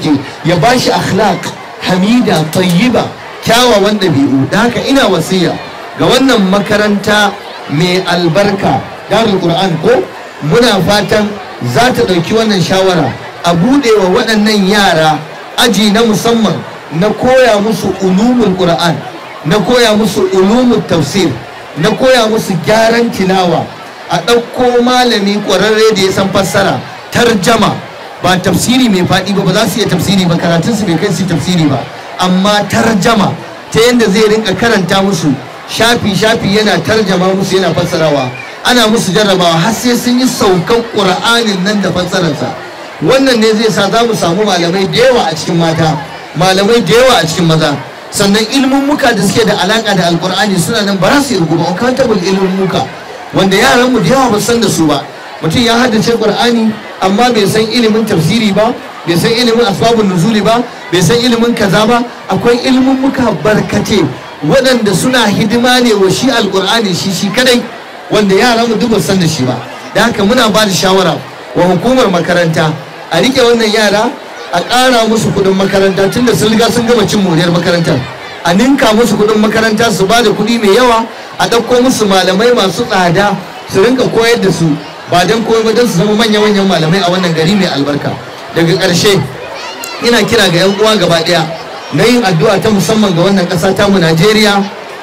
arziki ya shi akhlaq hamida tayyiba kyawawan ɗabi'u da haka ina wasiya ga wannan makaranta mai albarka darul qur'an ko muna fatan za ta ɗauki wannan shawara a wa waɗannan yara aji na musamman na koya musu ulumul qur'an na koya musu ulumul tafsir na koya musu gyaran tilawa a ɗauko malami ƙwararre da ya san fassara tarjama ba tafsiri mai faɗi ba ba za su iya tafsiri ba karatun su bai kai su tafsiri ba amma tarjama ta yadda zai rinka karanta musu shafi shafi yana tarjama musu yana fassarawa ana musu jarrabawa har sai sun yi saukan qur'anin nan da fassararsa wannan ne zai sa za mu samu malamai da yawa a cikin mata malamai da yawa a cikin maza sannan ilmummuka muka da suke da alaka da alkur'ani suna nan ba za su irgu ba uncountable ilmin muka wanda yaran mu da yawa ba san da su ba mutum ya haddace qur'ani amma bai san ilimin tafsiri ba bai san ilimin asbabun nuzuli ba bai san ilimin kaza ba akwai ilimin muka barkace waɗanda suna hidima ne wa shi alƙur'ani shi shi kadai wanda yara mu duk san da shi ba da haka muna ba da shawara wa hukumar makaranta a rike wannan yara a ƙara musu kuɗin makaranta tunda sun riga sun gama cin moriyar makarantar a ninka musu kuɗin makaranta su ba da kuɗi mai yawa a ɗauko musu malamai masu tsada su rinka koyar da su ba don komai ba don su zama manya-manyan malamai a wannan gari mai albarka daga ƙarshe ina kira ga 'yan uwa gaba ɗaya na yin addu'a ta musamman ga wannan ƙasa mu najeriya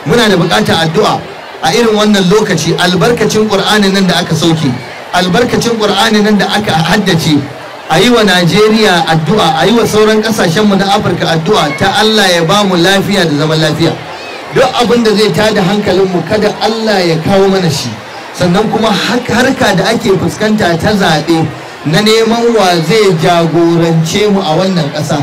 muna da buƙatar addu'a a irin wannan lokaci albarkacin ƙur'ani nan da aka sauke albarkacin ƙur'anin nan da aka haddace a yi wa najeriya addu'a a yi wa sauran mu na afirka addu'a ta allah ya ba mu lafiya da zaman lafiya duk abin da zai tada mu, kada allah ya kawo mana shi sannan kuma harka da ake fuskanta ta zaɓe na neman wa zai jagorance mu a wannan ƙasa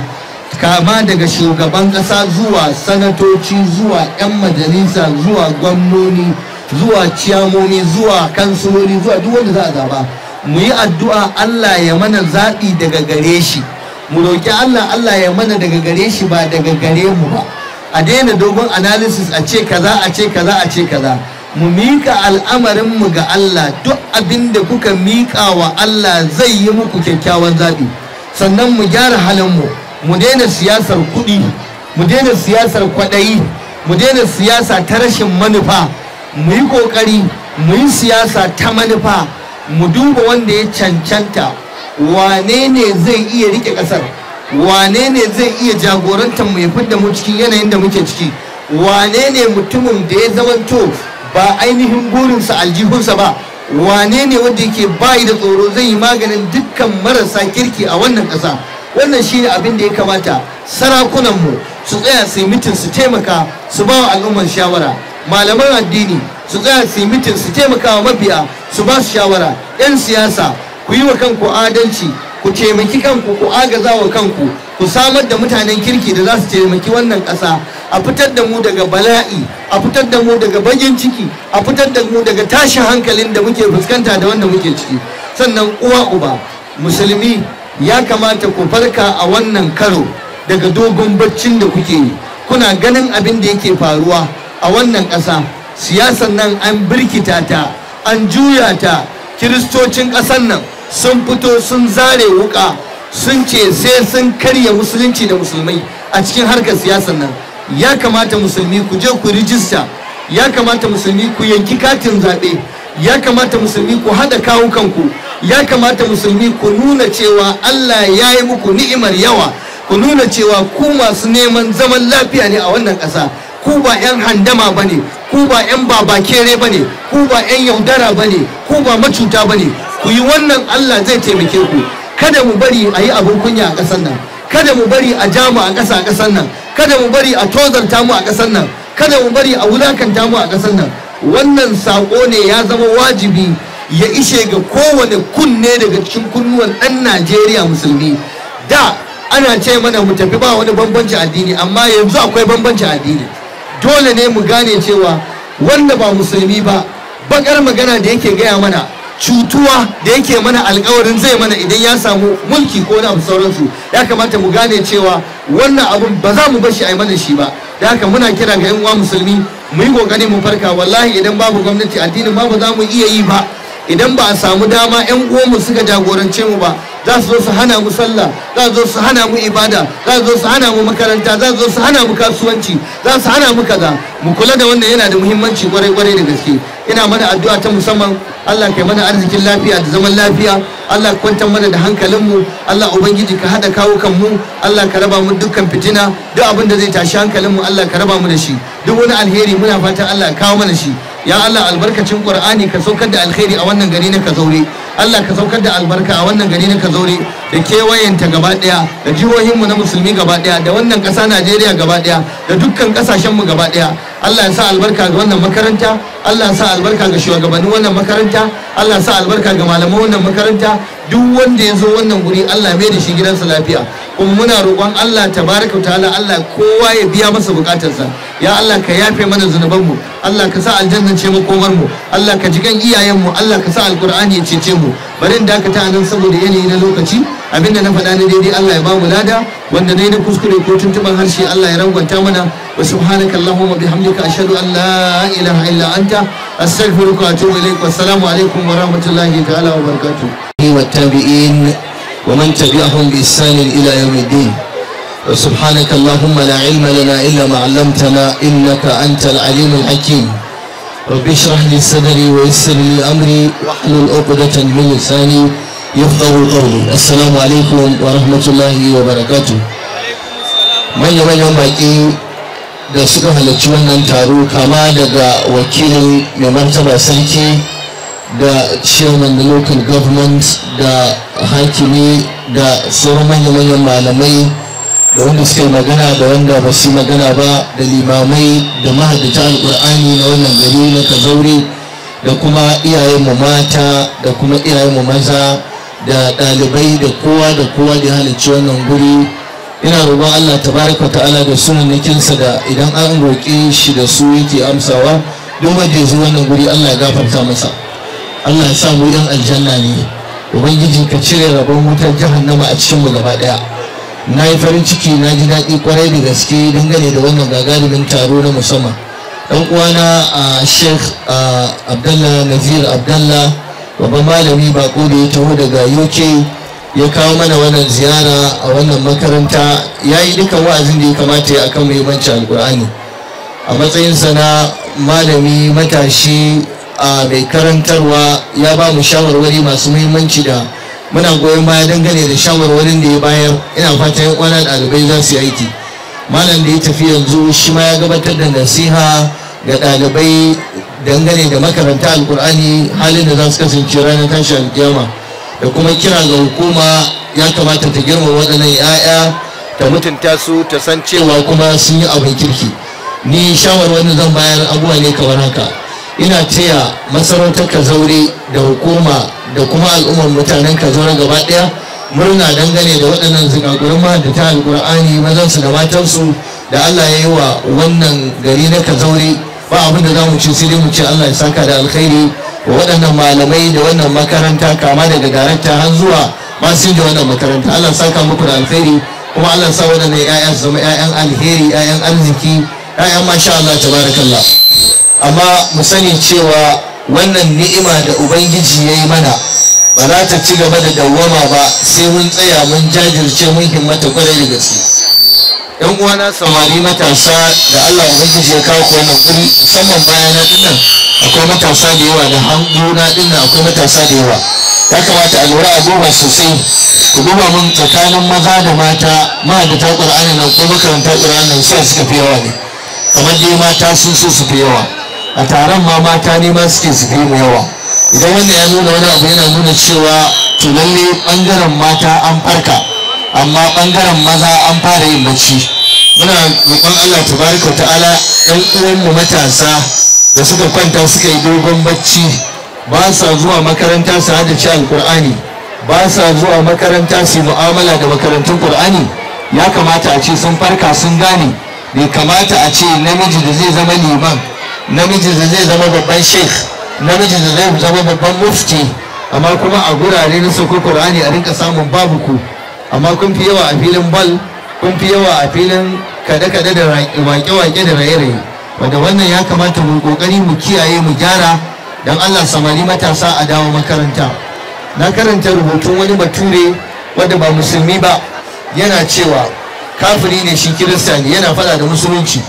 kama daga shugaban ƙasa zuwa sanatoci zuwa 'yan majalisa zuwa gwamnoni zuwa ciyamomi zuwa kansuloli zuwa duk wanda za a zaba mu yi addu'a Allah ya mana zaɓi daga gare shi mu roƙi Allah Allah ya mana daga gare shi ba daga gare mu ba a daina dogon analysis a ce kaza a ce kaza a ce kaza mu miƙa al'amarinmu ga Allah duk abin da kuka miƙa wa Allah zai yi muku kyakkyawan zaɓi sannan mu gyara halin mu Mu daina siyasar kuɗi mu daina siyasar kwaɗayi mu daina siyasa ta rashin manufa mu yi ƙoƙari mu yi siyasa ta manufa mu duba wanda ya cancanta wane ne zai iya rike ƙasar wane ne zai iya jagorantar mu ya fidda mu cikin yanayin da muke ciki wane ne mutumin da ya zamanto ba ainihin burinsa aljihunsa ba wane ne wanda yake bayi da tsoro zai yi maganin dukkan marasa kirki a wannan ƙasa wannan shi ne abin da ya kamata sarakunanmu su tsaya su yi mitin su taimaka su ba wa al'ummar shawara malaman addini su tsaya su yi mitin su taimaka wa mabiya su ba su shawara 'yan siyasa ku yi wa kanku adalci ku taimaki kanku ku agaza wa kanku ku samar da mutanen kirki da za su taimaki wannan ƙasa a fitar da mu daga bala'i a fitar da mu daga bagin ciki a fitar da mu daga tashin hankalin da muke fuskanta da wanda muke ciki sannan uwa uba musulmi ya kamata ku farka a wannan karo daga dogon baccin da kuke yi kuna ganin abin da yake faruwa a wannan ƙasa siyasan nan an birkita ta an juya ta kiristocin ƙasar nan sun fito sun zare wuka sun ce sai sun karya musulunci da musulmai a cikin harkar siyasar nan ya kamata musulmi ku je ku rijista ya kamata musulmi ku yanki katin zaɓe ya kamata musulmi ku haɗa kawukanku ya kamata musulmi ku nuna cewa Allah ya yi muku ni'imar yawa ku nuna cewa ku masu neman zaman lafiya ne a wannan ƙasa ku ba 'yan handama ba ne ku ba 'yan babakere ba ne ku ba 'yan yaudara ba ne ku ba macuta ba ne ku yi wannan Allah zai taimake ku kada mu bari a yi abin kunya a ƙasar nan kada mu bari a jamu a ƙasa a ƙasar nan kada mu bari a tozarta mu a ƙasar nan kada mu bari a wulakanta mu a ƙasar nan wannan saƙo ne ya zama wajibi ya ishe ga kowane kunne daga cikin kunnuwan ɗan najeriya musulmi da ana ce mana mu tafi ba wani bambanci addini amma yanzu akwai bambanci addini dole ne mu gane cewa wanda ba musulmi ba bakar magana da yake gaya mana cutuwa da yake mana alkawarin zai mana idan ya samu mulki ko na sauransu ya kamata mu gane cewa wannan abun ba za mu bashi a yi mana shi ba da haka muna kira ga 'yan uwa musulmi mu yi kokari mu farka wallahi idan babu gwamnati addinin ba ba za mu iya yi ba idan ba a samu dama 'yan mu suka jagorance mu ba za su zo su hana mu sallah za su zo su hana mu ibada za su zo su hana mu makaranta za su zo su hana mu kasuwanci za su hana mu kaza mu kula da wannan yana da muhimmanci kwarai kwarai da gaske ina mana addu'a ta musamman Allah kai mana arzikin lafiya da zaman lafiya Allah kwantar mana da hankalinmu Allah ubangiji ka hada kawo kanmu Allah ka raba mu dukkan fitina duk abin da zai tashi hankalinmu Allah ka raba mu da shi duk wani alheri muna fatan Allah ka kawo mana shi ya Allah albarkacin Qur'ani ka saukar da alheri a wannan gari na Kazaure Allah ka saukar da albarka a wannan gari na Kazaure da kewayenta gaba daya da jihohinmu na musulmi gaba daya da wannan ƙasa Najeriya gaba daya da dukkan ƙasashenmu gaba daya Allah ya sa albarka ga wannan makaranta Allah ya sa albarka ga shugabannin wannan makaranta Allah ya sa albarka ga malamai wannan makaranta duk wanda ya zo wannan guri Allah mai da shi gidansa lafiya kuma muna roƙon Allah tabaraka ta'ala Allah kowa ya biya masa bukatarsa ya Allah ka yafe mana zunubanmu Allah ka sa aljanna ce makomar mu Allah ka ji kan iyayen mu Allah ka sa alqur'ani ya cece mu bari in dakata nan saboda yanayi na lokaci abinda na faɗa na daidai Allah ya ba mu lada wanda nayi na kuskure ko tuntuban harshe Allah ya rangwanta mana wa subhanaka allahumma bihamdika ashhadu an la ilaha illa anta astaghfiruka wa atubu ilaik wa assalamu alaikum wa rahmatullahi ta'ala wa barakatuh wa tabi'in wa man tabi'ahum bi ihsan ila yawmiddin وسبحانك اللهم لا علم لنا إلا ما علمتنا إنك أنت العليم الحكيم رب اشرح لي صدري ويسر لي امري واحلل عقدة من لساني يفقهوا قولي السلام عليكم ورحمة الله وبركاته manyan manyan baƙi da suka halarci wannan taro kama daga wakilin mai martaba sarki da chairman da local government da hakimi da sauran manya manyan malamai da wanda suka yi magana da wanda ba su magana ba da limamai da mahadata alkur'ani na wannan gari na kazaure da kuma iyayen mu mata da kuma iyayen mu maza da ɗalibai da kowa da kowa da halicci wannan guri ina roƙon allah tabaraka ta'ala da sunannikinsa da idan an roƙe shi da su yake amsawa duk wanda ya zo wannan guri allah ya gafarta masa allah ya sa mu yan aljanna ne ubangiji ka cire rabon wutar jahannama a cikin mu gaba ɗaya na yi farin ciki na ji daɗi kwarai da gaske dangane da wannan gagarumin taro na musamman ɗan uwana a sheikh abdallah nazir abdallah babban malami bako da ya taho daga uk ya kawo mana wannan ziyara a wannan makaranta ya yi dukkan wa'azin da ya kamata ya akan muhimmanci alkur'ani a matsayinsa na malami matashi a mai karantarwa ya ba mu shawarwari masu muhimmanci da muna goyon baya dangane da shawarwarin da ya bayar ina fatan yan kwana ɗalibai za su yi aiki malam da ya tafi yanzu shi ma ya gabatar da nasiha ga ɗalibai dangane da makaranta alkur'ani halin da za su kasance ranar tashi alkiyama da kuma kira ga hukuma ya kamata ta girma waɗannan 'ya'ya ta mutunta su ta san cewa kuma sun yi abin kirki ni shawarwarin zan bayar abuwa ne kamar haka ina taya masarautar ka zaure da hukuma da kuma al'ummar mutanen Kazora gaba ɗaya murna dangane da waɗannan zikakurin ta alƙur'ani mazansu da matansu da Allah ya yi wa wannan gari na Kazauri ba abin da za mu ci sai dai mu ce Allah ya saka da alkhairi wa waɗannan malamai da wannan makaranta kama daga garanta har zuwa masu da wannan makaranta Allah ya saka muku da alkhairi kuma Allah ya sa waɗannan 'ya'ya su zama 'ya'yan alheri 'ya'yan arziki 'ya'yan masha Allah tabarakallah amma mu sani cewa wannan ni'ima da ubangiji ya yi mana ba za ta ci gaba da dawwama ba sai mun tsaya mun jajirce mun himmata kwarai da gaske yan uwana samari matasa da Allah ubangiji ya kawo ku wannan kuri musamman bayana dinnan akwai matasa da yawa da na dinnan akwai matasa da yawa ya kamata a lura a duba sosai ku duba mun tsakanin maza da mata ta ƙur'ani nan ko makaranta ƙur'ani nan sai suka fi yawa ne kamar dai mata sun so su fi yawa a taron ma mata ne ma suke su fi mu yawa idan wannan ya nuna wani abu yana nuna cewa to lalle bangaren mata an farka amma bangaren maza an fara yin bacci muna roƙon Allah tabaraka ta'ala ɗan uwan mu matasa da suka kwanta suka yi dogon bacci ba sa zuwa makaranta su ci alkur'ani ba sa zuwa makaranta su mu'amala da makarantun qur'ani ya kamata a ce sun farka sun gane bai kamata a ce namiji da zai zama liman namiji da zai zama babban sheikh namiji da zai zama babban mufti amma kuma a gurare na soko ƙur'ani a rinka samun babu ku amma kun fi yawa a filin bal kun fi yawa a filin kade-kade da wake-wake da raye-raye wanda wannan ya kamata mu kokari mu kiyaye mu gyara don allah samari matasa a dawo makaranta na karanta rubutun wani bature wanda ba musulmi ba yana cewa kafiri ne shi kirista yana fada da musulunci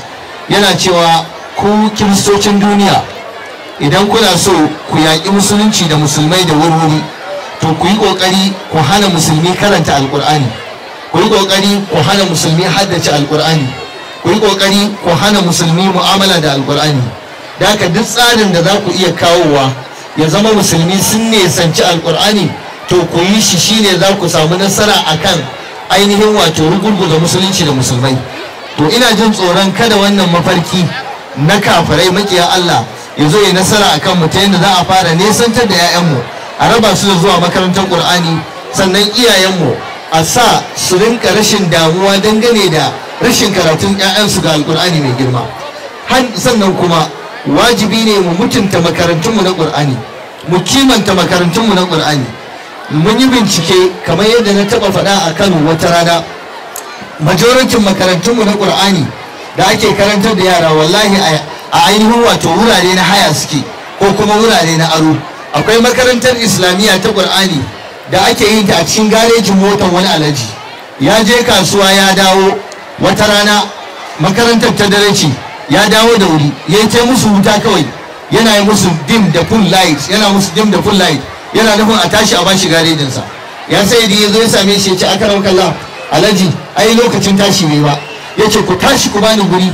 yana cewa ku kiristocin duniya idan kuna so ku yaƙi musulunci da musulmai da wuri-wuri, to ku yi ƙoƙari ku hana musulmi karanta alƙur'ani ku yi ƙoƙari ku hana musulmi haddace alƙur'ani ku yi ƙoƙari ku hana musulmi mu'amala da alƙur'ani da haka duk tsarin da za ku iya kawowa ya zama musulmi sun sanci alƙur'ani to ku yi shi shine za ku samu nasara a kan ainihin wato da musulunci da musulmai to ina jin tsoron kada wannan mafarki na kafirai makiya Allah ya zo ya nasara a kanmu ta yadda za a fara nesantar da 'ya'yanmu a raba su da zuwa makarantar ƙur'ani sannan iyayenmu a sa su rinka rashin damuwa dangane da rashin karatun 'ya'yansu ga alƙur'ani mai girma sannan kuma wajibi ne mu mutunta makarantunmu na ƙur'ani mu kimanta makarantunmu na ƙur'ani mun yi bincike kamar yadda na taɓa faɗa a kano wata rana majoritin makarantunmu na ƙur'ani da ake karantar da yara wallahi a ainihin wato wurare na haya suke ko kuma wurare na aro akwai makarantar islamiyya ta qur'ani da ake yi ta a cikin garejin motar wani alaji ya je kasuwa ya dawo wata rana makarantar ta dare ya dawo da wuri ya ce musu wuta kawai yana yi musu dim da full light yana musu dim da full light yana nufin a tashi a bashi garejinsa ya sai da ya zo ya same shi ya ci akarar raukalla alaji ai lokacin tashi bai ba yace ku tashi ku bani guri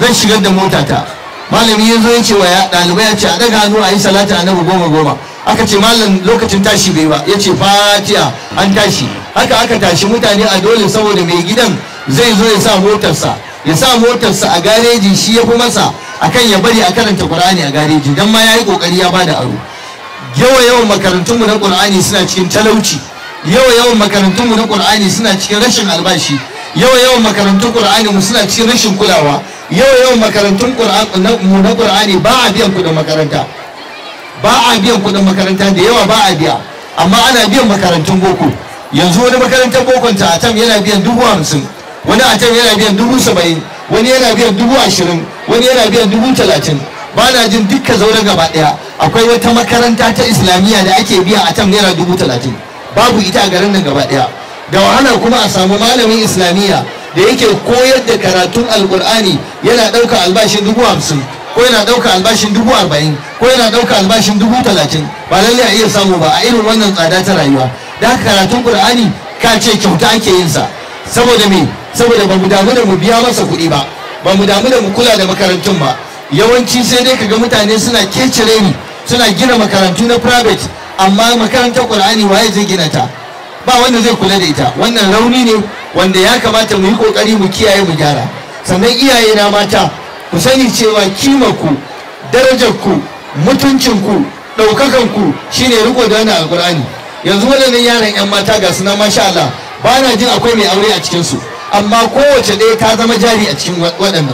zan shigar da mota ta malami ya zo ya ce wa ya ɗalibai ya ce a daga hannu a yi salata annabi goma goma aka ce malam lokacin tashi bai ba yace ce fatiya an tashi haka aka tashi mutane a dole saboda mai gidan zai zo ya sa motarsa ya sa motarsa a gareji shi ya fi masa akan ya bari a karanta qur'ani a gareji dan ma yayi kokari ya bada aro yawa yawan makarantunmu na qur'ani suna cikin talauci yawa yawan makarantunmu na qur'ani suna cikin rashin albashi yawa yawan makarantun qur'ani mu suna cikin rashin kulawa yawa yawan makarantun mu na qur'ani ba a biyan kuɗin makaranta ba a biyan kudin makaranta da yawa ba a biya amma ana biyan makarantun boko yanzu wani makarantar bokon ta atam yana biyan dubu hamsin wani atam yana biyan dubu saba'in wani yana biyan dubu ashirin wani yana biyan dubu talatin ba na jin dukkan zaune gaba daya akwai wata makaranta ta islamiyya da ake biya atam naira dubu talatin babu ita a garin nan gaba daya. da wahalar kuma a samu malamin islamiyya da yake koyar da karatun alkur'ani yana ɗauka albashin dubu hamsin ko yana ɗauka albashin dubu arba'in ko yana ɗauka albashin dubu talatin ba lallai a iya samu ba a irin wannan tsada ta rayuwa da karatun qur'ani ka ce kyauta ake yin sa saboda me saboda ba mu damu da mu biya masa kuɗi ba ba mu damu da mu kula da makarantun ba yawanci sai dai kaga mutane suna kece suna gina makarantu na private amma makarantar qur'ani waye zai gina ta ba wanda zai kula da ita wannan rauni ne wanda ya kamata mu yi kokari mu kiyaye mu gyara sannan iyaye na mata ku sani cewa kimarku darajarku mutuncinku ɗaukakanku shine riko da wannan alkur'ani yanzu waɗannan yaran 'yan mata ga suna masha Allah ba na jin akwai mai aure a cikinsu amma kowace ɗaya ta zama jari a cikin waɗannan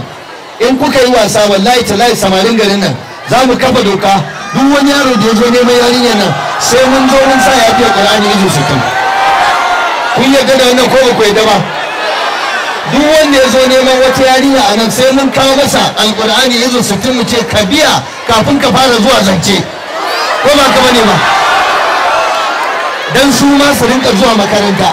in kuka yi wasa wallahi lai samarin garin nan za mu kafa doka duk wani yaro da ya zo neman yarinya nan sai mun zo mun sa ya fiye ƙur'ani izu su kuma kun yarda da wannan ko bakwai da ba duk wanda ya zo neman wata yarinya a nan sai mun kawo masa alkur'ani izo sittin mu ce ka biya kafin ka fara zuwa zance ko ba ka bane ba dan su ma su rinka zuwa makaranta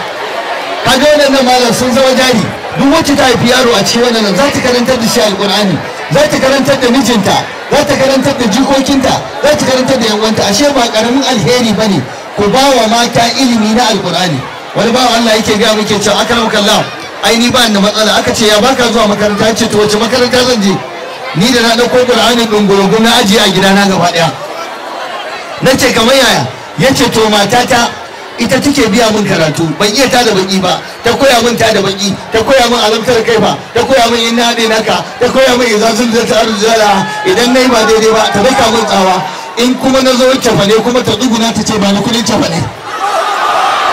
Ka ga wannan malam sun zama jari duk wacce ta haifi yaro a cikin wannan za ta karantar da shi alkur'ani za ta karantar da mijinta za ta karantar da jikokinta za ta karantar da yawanta. ashe ba karamin alheri bane ku ba wa mata ilimi na alkur'ani wani bawa Allah yake gaya muke cewa akaram kallah ai ni ba ni matsala aka ce ya baka zuwa makaranta ce to wace makaranta zan je ni da na dauko Qur'ani dungurungu na ajiye a gida na gaba daya nace kamar yaya yace to matata ita take biya min karatu ban iya tada baki ba ta koya min tada baki ta koya min alamtar kaifa ta koya min inna ne naka ta koya min idan sun zata arzala idan nayi ba daidai ba ta baka min tsawa in kuma na zo ne kuma ta duguna ta ce ba na kudin ne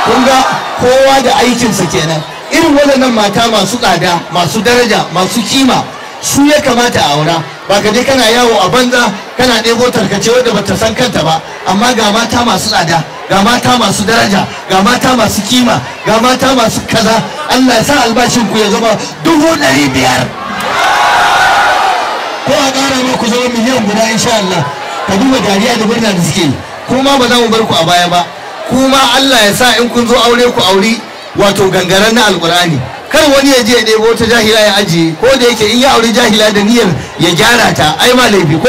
kun ga kowa da aikinsa kenan irin waɗannan mata masu tsada masu daraja masu kima su ya kamata a aura ba ka je kana yawo a banza kana ɗebo tarkace wadda bata san kanta ba amma ga mata masu tsada ga mata masu daraja ga mata masu kima ga mata masu kaza Allah ya sa albashin ku ya zama dubu ɗari biyar ko a ƙara ma ku zama miliyan guda insha Allah ka duba dariya da murna da suke kuma ba za mu bar ku a baya ba kuma Allah ya sa in kun zo aure ku aure wato gangaren na alkur'ani kar wani ya je ya debo ta jahila ya ajiye ko da yake in ya aure jahila da niyyar ya gyara ta ai ma laifi ko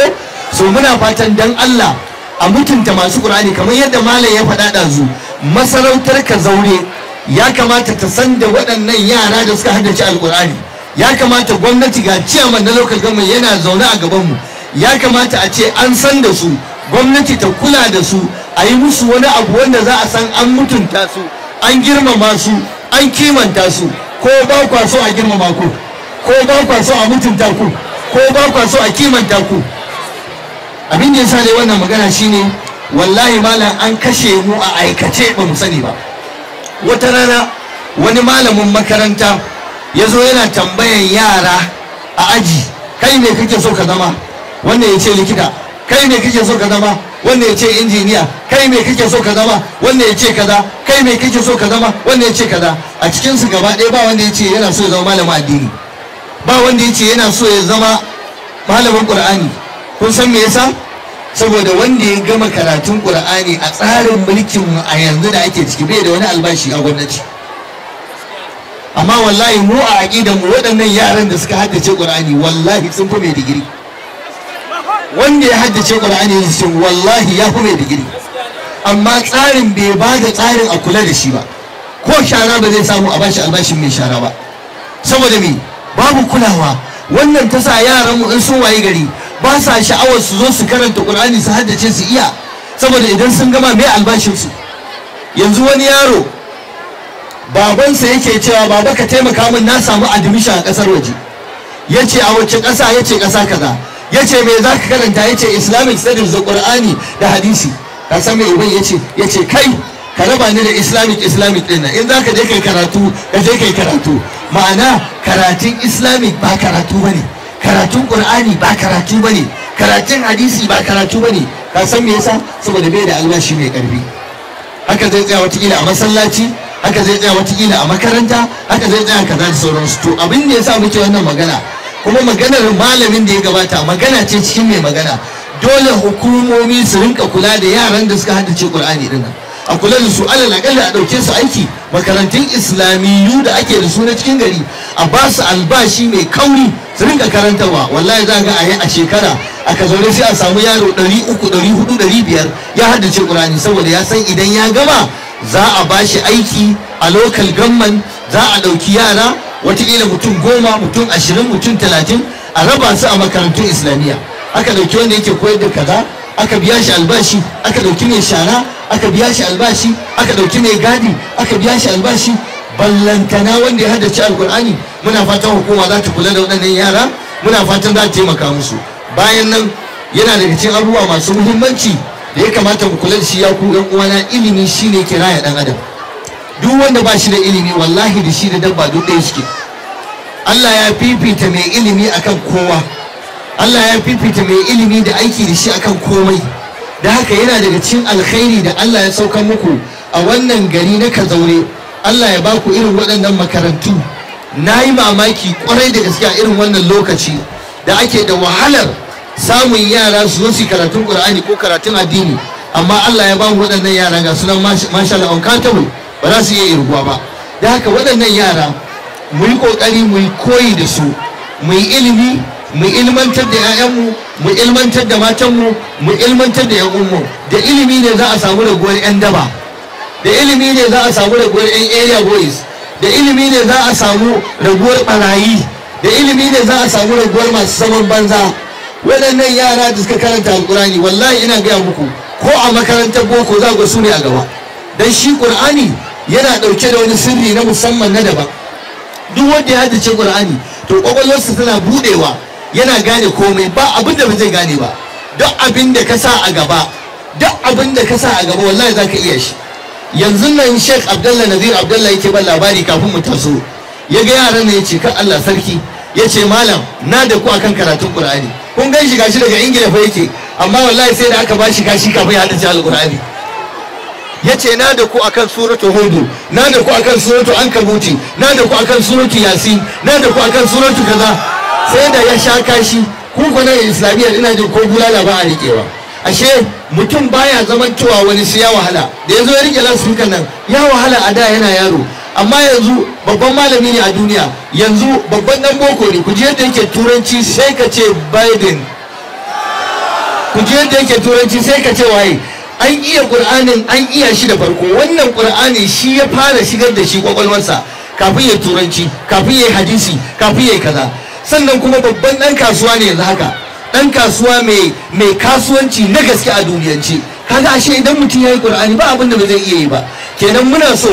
so muna fatan dan Allah a mutunta masu qur'ani kamar yadda malam ya faɗa ɗazu masarautar ka zaure ya kamata ta san da waɗannan yara da suka haddace alkur'ani ya kamata gwamnati ga ciyaman na local government yana zaune a gaban mu ya kamata a ce an san da su gwamnati ta kula da su a yi musu wani abu wanda za a san an mutunta su an girmama su an kimanta su ko ba kwa so a girmama ku ko ba kwa so a mutunta ku ko ba kwa so a kimanta ku abin da yasa dai wannan magana shine wallahi malam an kashe mu a aikace ba mu sani ba wata rana wani malamin makaranta ya zo yana tambayan yara a aji kai ne kake so ka zama wannan ya ce likita kai ne kake so ka zama wanda ya ce injiniya kai me kake so ka zama wanda ya ce kaza kai me kake so ka zama wanda ya ce kaza a cikin su gaba ɗaya ba wanda ya ce yana so ya zama malamin addini ba wanda ya ce yana so ya zama malamin qur'ani kun san me yasa saboda wanda ya gama karatun qur'ani a tsarin mulkin a yanzu da ake ciki bai da wani albashi a gwamnati amma wallahi mu a aqidan mu waɗannan yaran da suka haddace qur'ani wallahi sun fi mai digiri wanda ya haddace qur'ani yanzu wallahi ya hure da digiri amma tsarin bai ba da tsarin a kula da shi ba ko shara ba zai samu a bashi albashin mai shara ba saboda me babu kulawa wannan ta sa yaran mu in sun waye gari ba sa sha'awar su zo su karanta qur'ani su haddace su iya saboda idan sun gama mai albashin su yanzu wani yaro babansa yake cewa baba ka taimaka min na samu admission a kasar waje yace a wacce kasa yace kasa kaza ya ce me za ka karanta ya ce islamic studies da qur'ani da hadisi ka san me uban ya ce ya ce kai ka raba ni da islamic islamic din nan in za ka je kai karatu ka je kai karatu ma'ana karatun islamic ba karatu ba ne karatun qur'ani ba karatu ba ne karatun hadisi ba karatu ba ne ka san me yasa saboda bai da albashi mai karfi haka zai tsaya watakila a masallaci haka zai tsaya watakila a makaranta haka zai tsaya kaza da sauransu to abin da yasa muke wannan magana kuma maganar malamin da ya gabata magana ce cikin mai magana dole hukumomi su rinka kula da yaran da suka haddace Qur'ani din a kula da su alal akalla a dauke su aiki makarantun islamiyu da ake da su na cikin gari a ba su albashi mai kauri su rinka karantarwa wallahi za ga a a shekara a kazaure sai a samu yaro 300 400 500 ya haddace Qur'ani saboda ya san idan ya gama za a bashi aiki a local government za a dauki yara watakila mutum goma mutum ashirin mutum talatin a raba su a makarantun islamiyya aka dauki wanda yake koyar da kaza aka biya shi albashi aka dauki mai shara aka biya shi albashi aka dauki mai gadi aka biya shi albashi ballantana wanda ya haddace alkur'ani muna fatan hukuma za ta kula da waɗannan yara muna fatan za ta taimaka musu bayan nan yana daga cikin abubuwa masu muhimmanci da ya kamata mu kula da shi ya ku ɗan uwana ilimi shine kiraya ɗan adam duk wanda ba shi da ilimi wallahi da shi da dabba duk ɗaya suke Allah ya fifita mai ilimi akan kowa Allah ya fifita mai ilimi da aiki da shi akan komai da haka yana daga cikin alkhairi da Allah ya sauka muku a wannan gari na kazaure Allah ya baku irin waɗannan makarantu na yi mamaki ƙwarai da gaske a irin wannan lokaci da ake da wahalar samun yara su zo su karatun ƙur'ani ko karatun addini amma Allah ya ba mu waɗannan yara ga sunan masha Allah ba za su iya irguwa ba da haka waɗannan yara mu yi ƙoƙari mu yi koyi da su mu yi ilimi mu ilmantar da 'ya'yanmu mu ilmantar da matanmu mu ilmantar da 'yan'unmu da ilimi ne za a samu raguwar 'yan daba da ilimi ne za a samu raguwar 'yan area boys da ilimi ne za a samu raguwar barayi da ilimi ne za a samu raguwar masu saman banza waɗannan yara da suka karanta alƙurani wallahi ina gaya muku ko a makarantar boko za ga su ne a gaba dan shi ƙur'ani yana ɗauke da wani sirri na musamman na daban duk wanda ya haddace qur'ani to kwakwalwarsa tana budewa yana gane komai ba abin da ba zai gane ba duk abin da ka sa a gaba duk abin da ka sa a gaba wallahi zaka iya shi yanzu nan Sheikh Abdullah Nazir Abdullah yake ban labari kafin mu taso ya yaran ne yace kan Allah sarki yace malam na da ku akan karatun Qur'ani kun gan shi gashi daga Ingila fa yake amma wallahi sai da aka bashi gashi kafin ya haddace al alqur'ani ya ce na da ku akan suratu hudu na da ku akan suratu ankabuti na da ku akan suratu yasin na da ku akan suratu kaza sai da ya sha kashi ku na islamiyyar ina jin ko bulala ba a riƙewa ashe mutum baya zaman cewa wani sai ya wahala da yanzu ya rike lasukan nan ya wahala a da yana yaro amma yanzu babban malami ne a duniya yanzu babban dan boko ne ku je yadda yake turanci sai ka ce biden ku je yadda yake turanci sai ka ce waye an iya ƙur'anin an iya shi da farko wannan ƙur'anin shi ya fara shigar da shi kwakwalwarsa kafin ya turanci kafin ya hadisi kafin ya kaza sannan kuma babban ɗan kasuwa ne yanzu haka ɗan kasuwa mai kasuwanci na gaske a duniyance kaga ashe idan mutum ya yi ƙur'ani ba abin da ba zai iya yi ba kenan muna so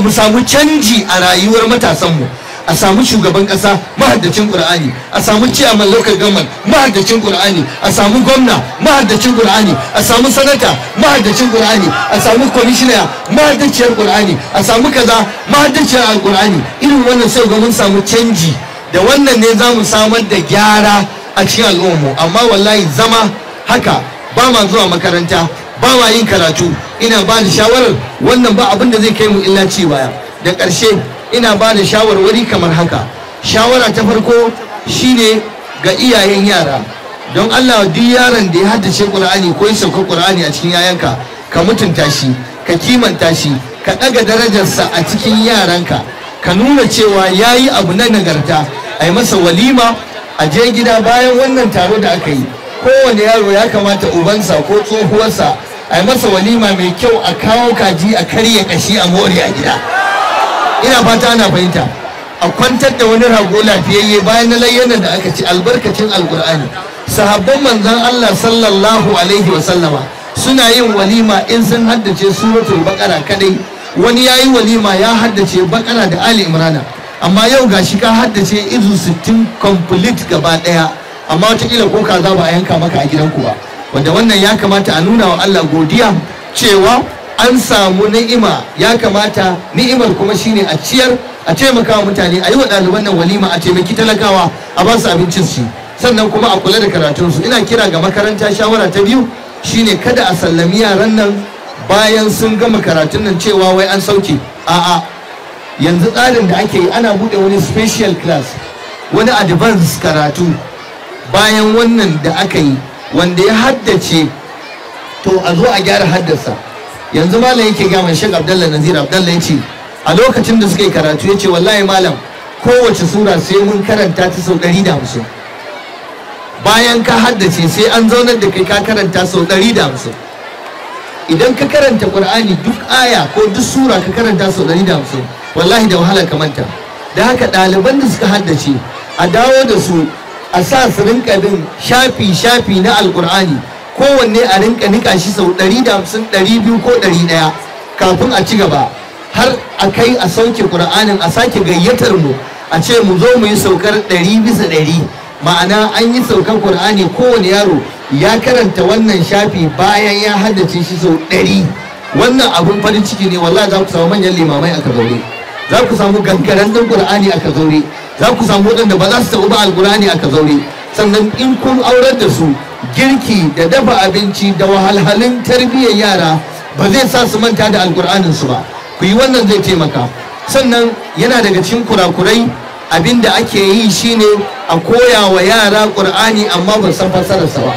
mu samu canji a rayuwar matasanmu mu a samu shugaban kasa mahaddacin qur'ani a samu chairman local government mahaddacin qur'ani a samu gwamna mahaddacin qur'ani a samu sanata mahaddacin qur'ani a samu commissioner mahaddaciyar qur'ani a samu kaza mahaddaciyar alqur'ani irin wannan sai ga mun samu canji da wannan ne za mu samar da gyara a cikin al'ummu amma wallahi zama haka ba ma zuwa makaranta ba ma yin karatu ina ba da shawarar wannan ba abin da zai kai mu illa ci baya da ƙarshe ina ba da shawarwari kamar haka shawara ta farko shine ga iyayen yara don Allah duk yaron da ya haddace Qur'ani ko ya sauka Qur'ani a cikin yayanka ka mutunta shi ka kimanta shi ka ɗaga darajarsa a cikin yaranka ka nuna cewa yayi abu na nagarta a yi masa walima a je gida bayan wannan taro da aka yi kowane yaro ya kamata ubansa ko tsohuwarsa a yi masa walima mai kyau a kawo kaji a karya kashi a more a gida ina fata ana fahimta a kwantar da wani rago lafiyayye bayan na layyanar da aka ci albarkacin alkur'ani sahabban manzon Allah sallallahu alaihi wa suna yin walima in sun haddace suratul bakara kadai wani yayi walima ya haddace baqara da ali imrana amma yau ga shi ka haddace izu 60 complete gaba daya amma wataƙila ko kaza ba a yanka maka a gidanku ba wanda wannan ya kamata a nuna wa Allah godiya cewa an samu ni'ima ya kamata ni'imar kuma shine a ciyar a taimaka wa mutane a yi wa ɗaliban nan walima a taimaki talakawa a ba su abincin su sannan kuma a kula da karatunsu ina kira ga makaranta shawara ta biyu shine kada a sallami yaran nan bayan sun gama karatun nan cewa wai an sauke a'a yanzu tsarin da ake yi ana buɗe wani special class wani advanced karatu bayan wannan da aka yi wanda ya haddace to a zo a gyara haddasa yanzu malam yake ga man Sheikh Abdullah Nazir Abdullah yace a lokacin da suka yi karatu yace wallahi malam kowace sura sai mun karanta ta sau 150 bayan ka haddace sai an zaunar da kai ka karanta sau 150 idan ka karanta Qur'ani duk aya ko duk sura ka karanta sau 150 wallahi da wahala ka manta da haka ɗaliban da suka haddace a dawo da su a sa su rinka bin shafi shafi na alkur'ani kowanne a rinka nika shi sau 150 ko 100 kafin a ci gaba har a kai a sauke Kur'anin a sake gayyatar mu a ce mu zo mu yi saukar 100 bisa 100 ma'ana an yi saukar ƙur'ani kowane yaro ya karanta wannan shafi bayan ya haddace shi sau ɗari wannan abun farin ciki ne wallahi za ku samu manyan limamai a kazaure za ku samu gangaren dan qur'ani a kazaure za ku samu wadanda ba za su taɓa ba alqur'ani a kazaure sannan in kun aurar da su girki da dafa abinci da wahalhalun tarbiyyar yara ba zai sa su manta da alkur'anin su ba ku yi wannan zai taimaka sannan yana daga cikin kurakurai abinda ake yi shine a koya wa yara qur'ani amma ba san fassararsa ba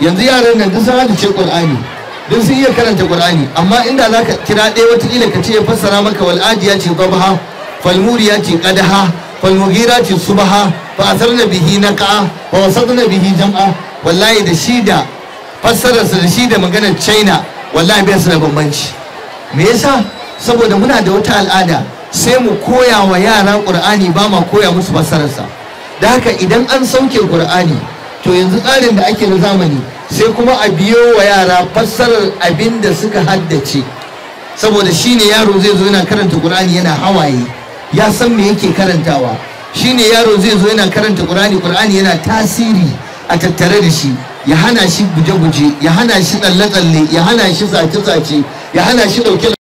yanzu yaran nan duk sun ce qur'ani duk sun iya karanta qur'ani amma inda zaka kira ɗaya wata ila ka ce ya fassara maka wal'ajiya ce babha falmuriya ce qadaha falmugira ce subaha fasar na bihi na ka wasar na bihi jam'a wallahi da shi da fassararsa da shi da maganar china wallahi bai su da bambanci me yasa saboda muna da wata al'ada sai mu koya wa yara qur'ani ba ma koya musu fassararsa da haka idan an sauke qur'ani to yanzu tsarin da ake na zamani sai kuma a biyo wa yara fassarar abin da suka haddace saboda shine yaro zai zo yana karanta qur'ani yana hawaye ya san me yake karantawa shine yaro zai zo yana karanta Qur'ani Qur'ani yana tasiri a tattare da shi ya hana shi guje-guje ya hana shi tsalle-tsalle ya hana shi zace-zace ya hana shi dauke